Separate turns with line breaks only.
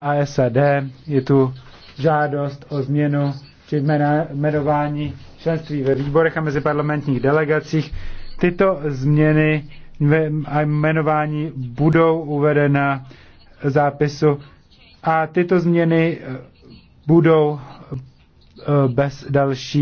ASAD je tu žádost o změnu či jmenování členství ve výborech a meziparlamentních delegacích. Tyto změny a jmenování budou uvedena zápisu a tyto změny eh, budou eh, bez dalších